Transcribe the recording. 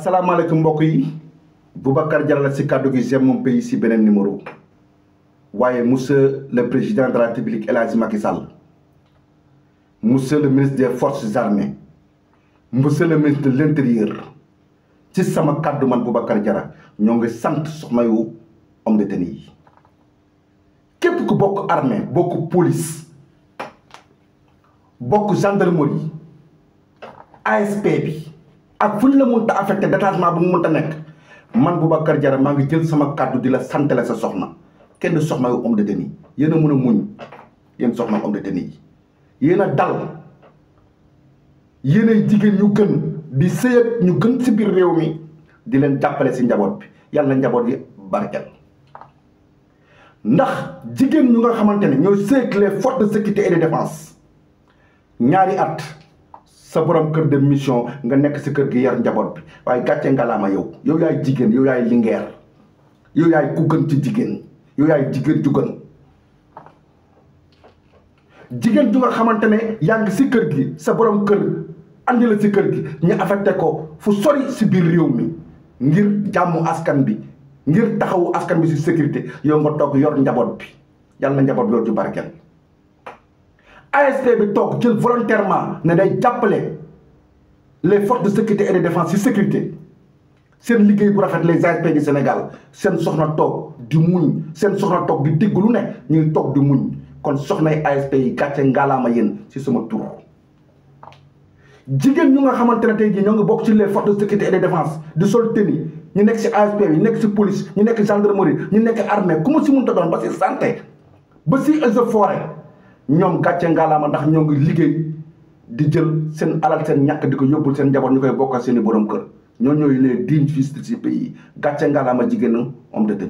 Salam alaikum bokki Boubacar Diallo la si gi mon pays si benen numéro Waye monsieur le président de la république El Hadji Macky Sall monsieur le ministre des forces armées monsieur le ministre de l'Intérieur. ci sama kàddu man Boubacar Nous ñoo ngi sant soxna yu homme de tenue képp ku bokk armée bokk police bokk gendarmerie ASP bi. ak fuñ la mën ta affecté détachement bu mën ta nek man bu bakkar jara ma ngi jël sama cadeau dila santé la sa soxna kenn soxna yu homme de deni yéen mëna muñ yeen soxna homme de deni yi dal yéen jigen jigéen ñu gën di sëyat ñu gën ci bir réew mi di len jappalé ci njabot bi yalla njabot bi barkel ndax jigen ñu nga xamanteni ñoy ñooy sëyat les forces de sécurité et de défense ñaari at sa borom keur de mission nga nek sa keur gi yar njabot bi waaye gàcce ngalaama yow yow yaay jigen yow yaay lingeer yow yaay ku gën ci jigen yow yaay yang ju gën jigen ju nga xamantene ne ci keur gi sa borom keur andi la ci keur gi ñu affecté ko fu sori ci bir rew mi ngir jamu askan bi ngir taxawu askan bi si sécurité yow nga tok yor njabot bi yalla njabot lo ju ASP bi toog volontairement ne day jàppale les forces de sécurité et de défense de sécurité seen liggéey bu rafet les ASP du Sénégal seen soxna toog du muñ c'est soxna toog di dégg lu une ñuy du di muñ kon soxnay ASP yi gàcce ngaalaama yéen ci sama tour. jigéen ñu nga xamante ne tey jii ñoo ngi ci les forces de sécurité et de défense de sol tenue ñu ci ASP bi ñu ci police ñu nekk gendarmerie ñu nekk armée ku mu ci mënta doon ba ci santé ba ci eaux forêt ñoom gàcce ngaalaama ndax ñoo ngi liggéey di jël seen alal seen ñàkk di ko yóbbul seen njaboot ñu koy bokkal seeni i borom kër ñoo ñooy les dignes fils de ce pays gàcce ngaalaama jigéen homme de